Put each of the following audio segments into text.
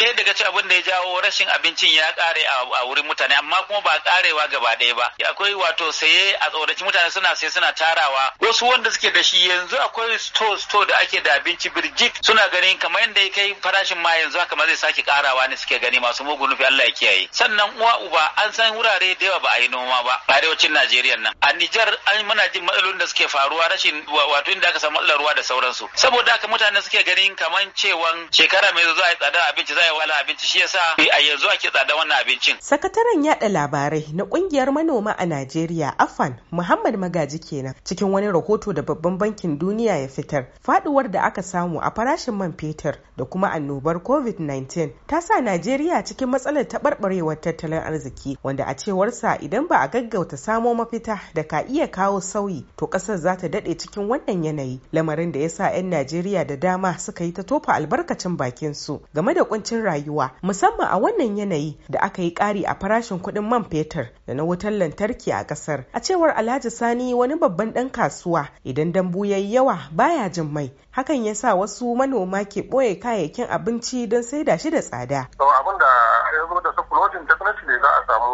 ɗaya daga cikin abin da ya jawo rashin abincin ya ƙare a wurin mutane amma kuma ba ƙarewa gaba ɗaya ba akwai wato saye a tsoraci mutane suna saye suna tarawa wasu wanda suke da shi yanzu akwai store store da ake da abinci birjit suna ganin kamar yadda ya kai farashin ma yanzu haka ma zai sake ƙarawa ne suke gani masu mugun nufi Allah ya kiyaye sannan uwa uba an san wurare da yawa ba a yi noma ba arewacin Najeriya nan a Nijar an muna jin matsalolin da suke faruwa rashin wato inda aka samu matsalar ruwa da sauransu saboda haka mutane suke ganin kamar cewa shekara mai zuwa a tsada abinci za waye wani abinci shi yasa a yanzu ake tsada wannan abincin sakataren yada labarai na ƙungiyar manoma a Najeriya Afan Muhammad Magaji kenan cikin wani rahoto da babban bankin duniya ya fitar faduwar da aka samu a farashin man fetur da kuma annobar COVID-19 ta sa Najeriya cikin matsalar taɓarɓarewar tattalin arziki wanda a cewarsa idan ba a gaggauta samo mafita da ka iya kawo sauyi to ƙasar za ta daɗe cikin wannan yanayi lamarin da ya sa 'yan Najeriya da dama suka yi ta tofa albarkacin bakin su game da kuncin kuncin rayuwa musamman a wannan yanayi da aka yi ƙari a farashin kuɗin man fetur da na wutar lantarki a ƙasar. A cewar Alhaji Sani wani babban ɗan kasuwa idan dambu ya yi yawa baya jin mai. Hakan ya sa wasu manoma ke ɓoye kayayyakin abinci don saida shi da tsada.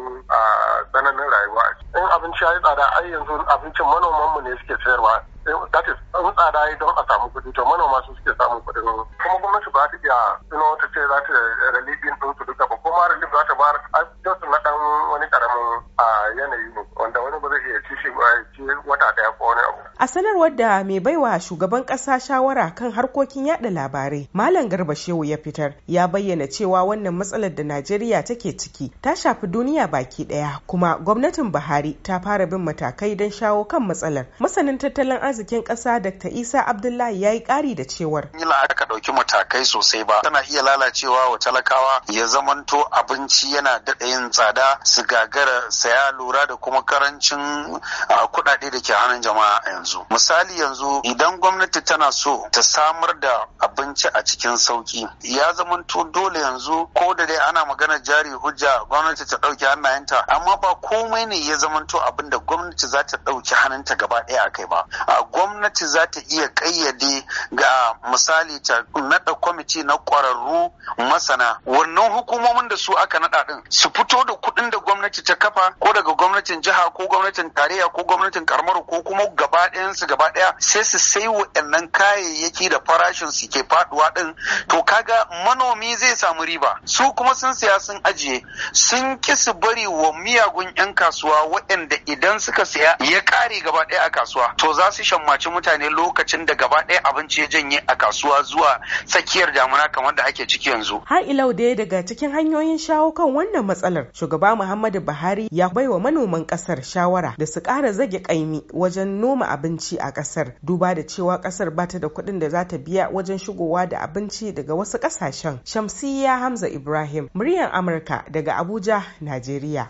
samu tsananin rayuwa in abinci ya yi tsada ai yanzu abincin manoman mu ne suke sayarwa eh, that is in tsada yi don a samu kuɗi to manoma su suke samun kuɗin kuma gwamnati ba ta iya tuno ta ce za ta relief din su duka ba kuma relief za ta bayar just A sanarwar da mai baiwa shugaban ƙasa shawara kan harkokin yada labarai, Malam Garba Shehu ya fitar, ya bayyana cewa wannan matsalar da Najeriya take ciki ta shafi duniya baki ɗaya, kuma gwamnatin Buhari ta fara bin matakai don shawo kan matsalar. Masanin tattalin arzikin ƙasa Dr. Isa Abdullahi ya yi kari da cewar. Ila aka ɗauki matakai sosai ba, tana iya lalacewa wa talakawa ya zamanto abinci yana daɗa yin tsada, su gagara saya lura da kuma karancin ah, kuɗaɗe da ke hannun jama'a yanzu. yanzu misali yanzu idan gwamnati tana so ta samar da abinci a cikin sauki ya zamanto dole yanzu ko da dai ana magana jari hujja gwamnati ta ɗauki hannayenta amma ba komai ne ya zamanto abin da gwamnati za ta ɗauki hannunta gaba ɗaya a kai ba A gwamnati za ta iya ƙayyade ga misali ta naɗa kwamiti na ƙwararru masana wannan hukumomin da su aka naɗa ɗin su fito da kuɗin da gwamnati ta kafa ko daga gwamnatin jiha ko gwamnatin tarayya ko gwamnatin karamar ko kuma gaba ɗaya kayansu gaba daya sai su sai waɗannan kayayyaki da farashin su ke faduwa din to kaga manomi zai samu riba su kuma sun saya sun ajiye sun ki su bari wa miyagun yan kasuwa waɗanda idan suka saya ya ƙare gaba daya a kasuwa to za su shammaci mutane lokacin da gaba daya abinci ya janye a kasuwa zuwa tsakiyar damuna kamar da ake ciki yanzu har ilau dai daga cikin hanyoyin shawo kan wannan matsalar shugaba muhammadu buhari ya baiwa manoman kasar shawara da su ƙara zage kaimi wajen noma abin abinci a kasar duba da cewa kasar bata da kuɗin da za ta biya wajen shigowa da abinci daga wasu ƙasashen shamsiya hamza ibrahim muryar amurka daga abuja najeriya